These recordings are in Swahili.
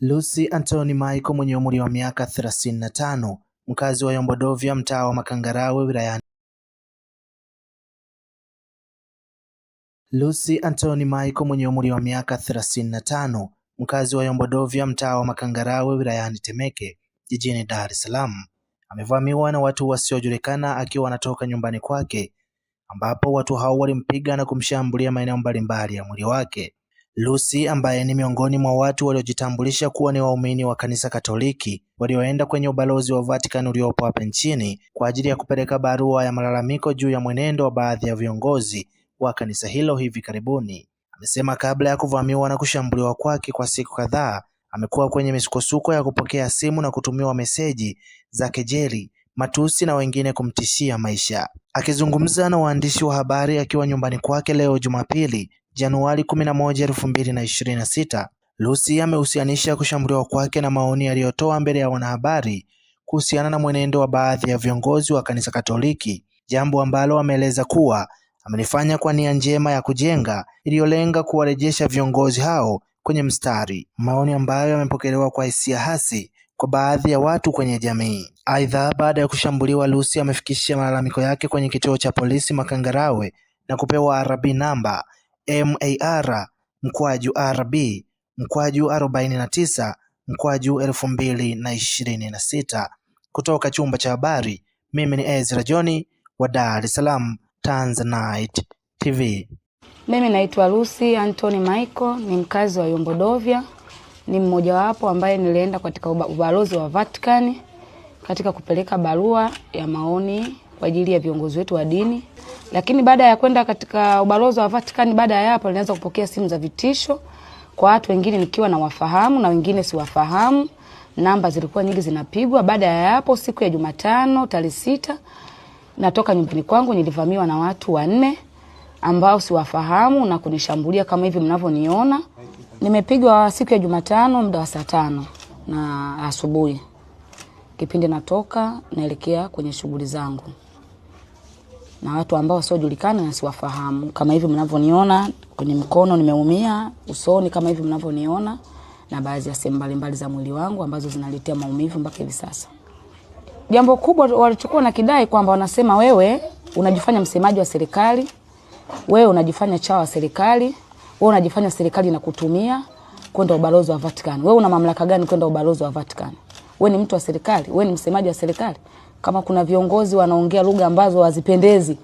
Lucy Anthony Michael mwenye umri wa miaka 35 mkazi wa Yombodovia mtaa wa Makangarawe wilayani Lucy Anthony Michael mwenye umri wa miaka 35 mkazi wa Yombodovia mtaa wa Makangarawe wilayani Temeke jijini Dar es Salaam amevamiwa na watu wasiojulikana akiwa anatoka nyumbani kwake ambapo watu hao walimpiga na kumshambulia maeneo mbalimbali ya mwili wake. Lucy ambaye ni miongoni mwa watu waliojitambulisha kuwa ni waumini wa kanisa Katoliki walioenda kwenye ubalozi wa Vatican uliopo hapa nchini kwa ajili ya kupeleka barua ya malalamiko juu ya mwenendo wa baadhi ya viongozi wa kanisa hilo hivi karibuni, amesema kabla ya kuvamiwa na kushambuliwa kwake kwa siku kadhaa amekuwa kwenye misukosuko ya kupokea simu na kutumiwa meseji za kejeli, matusi na wengine kumtishia maisha. Akizungumza na waandishi wa habari akiwa nyumbani kwake leo Jumapili, Januari 11, 2026, Lusi amehusianisha kushambuliwa kwake na maoni aliyotoa mbele ya wanahabari kuhusiana na mwenendo wa baadhi ya viongozi wa kanisa Katoliki, jambo ambalo ameeleza kuwa amelifanya kwa nia njema ya kujenga iliyolenga kuwarejesha viongozi hao kwenye mstari, maoni ambayo yamepokelewa kwa hisia hasi kwa baadhi ya watu kwenye jamii. Aidha, baada ya kushambuliwa, Lucy amefikisha malalamiko yake kwenye kituo cha polisi Makangarawe na kupewa RB namba MAR mkwaju RB mkwaju 49 mkwaju 2026 kutoka chumba cha habari. Mimi ni Ezra joni wa Dar es Salaam Tanzanite TV. Mimi naitwa Lucy Anthony Michael, ni mkazi wa Yombodovia, ni mmojawapo ambaye nilienda katika ubalozi wa Vatican katika kupeleka barua ya maoni kwa ajili ya viongozi wetu wa dini lakini baada ya kwenda katika ubalozi wa Vatican, baada ya hapo nilianza kupokea simu za vitisho kwa watu wengine nikiwa nawafahamu na wengine siwafahamu. Namba zilikuwa nyingi zinapigwa. Baada ya hapo, siku ya Jumatano tarehe sita, natoka nyumbani kwangu, nilivamiwa na watu wanne ambao siwafahamu na kunishambulia kama hivi mnavyoniona. Nimepigwa siku ya Jumatano muda wa saa tano na asubuhi, kipindi natoka naelekea kwenye shughuli zangu na watu ambao wasiojulikana na siwafahamu. Kama hivi mnavyoniona kwenye mkono nimeumia, usoni kama hivi mnavyoniona, na baadhi ya sehemu mbalimbali za mwili wangu ambazo zinaletea maumivu mpaka hivi sasa. Jambo kubwa walichukua na kidai kwamba wanasema wewe unajifanya msemaji wa serikali, wewe unajifanya chawa wa serikali, wewe unajifanya serikali inakutumia kwenda ubalozi wa Vatican. Wewe una mamlaka gani kwenda ubalozi wa Vatican? Wewe ni mtu wa serikali? Wewe ni msemaji wa serikali? kama kuna viongozi wanaongea lugha ambazo hazipendezi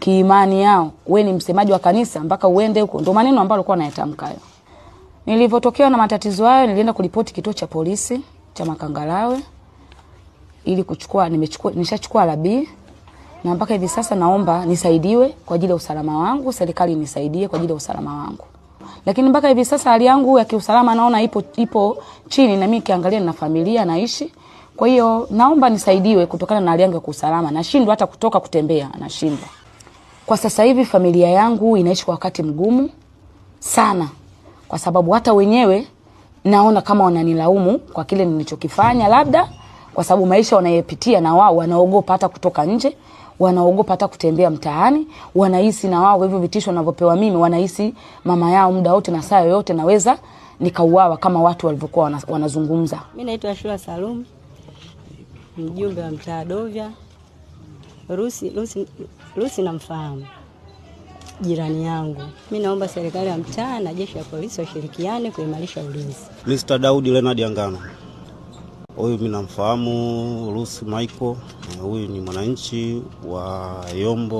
kiimani yao, we ni msemaji wa kanisa mpaka uende huko. Ndo maneno ambayo alikuwa anayatamka hayo. Nilivyotokewa na matatizo hayo, nilienda kulipoti kituo cha polisi cha Makangalawe ili kuchukua, nimechukua nishachukua la B na mpaka hivi sasa naomba nisaidiwe kwa ajili ya usalama wangu, serikali nisaidie kwa ajili ya usalama wangu. Lakini mpaka hivi sasa hali yangu ya kiusalama naona ipo, ipo chini, na mimi kiangalia, na familia naishi kwa hiyo naomba nisaidiwe kutokana na hali yangu ya kiusalama, nashindwa hata kutoka kutembea, nashindwa kwa sasa hivi. Familia yangu inaishi kwa wakati mgumu sana, kwa sababu hata wenyewe naona kama wananilaumu kwa kile nilichokifanya, labda kwa sababu maisha wanayepitia na wao wanaogopa hata kutoka nje, wanaogopa hata kutembea mtaani, wanahisi na wao hivyo vitisho wanavyopewa mimi, wanahisi mama yao muda wote na saa yoyote naweza nikauawa kama watu walivyokuwa wanazungumza. Mimi naitwa Ashura Salum mjumbe wa mtaa Dovya. Rusi, Rusi, Rusi namfahamu jirani yangu. Mi naomba serikali ya mtaa na jeshi la polisi washirikiane kuimarisha ulinzi. Mr. Daudi Leonard Angano, huyu mi namfahamu. Rusi Michael, huyu ni mwananchi wa Yombo.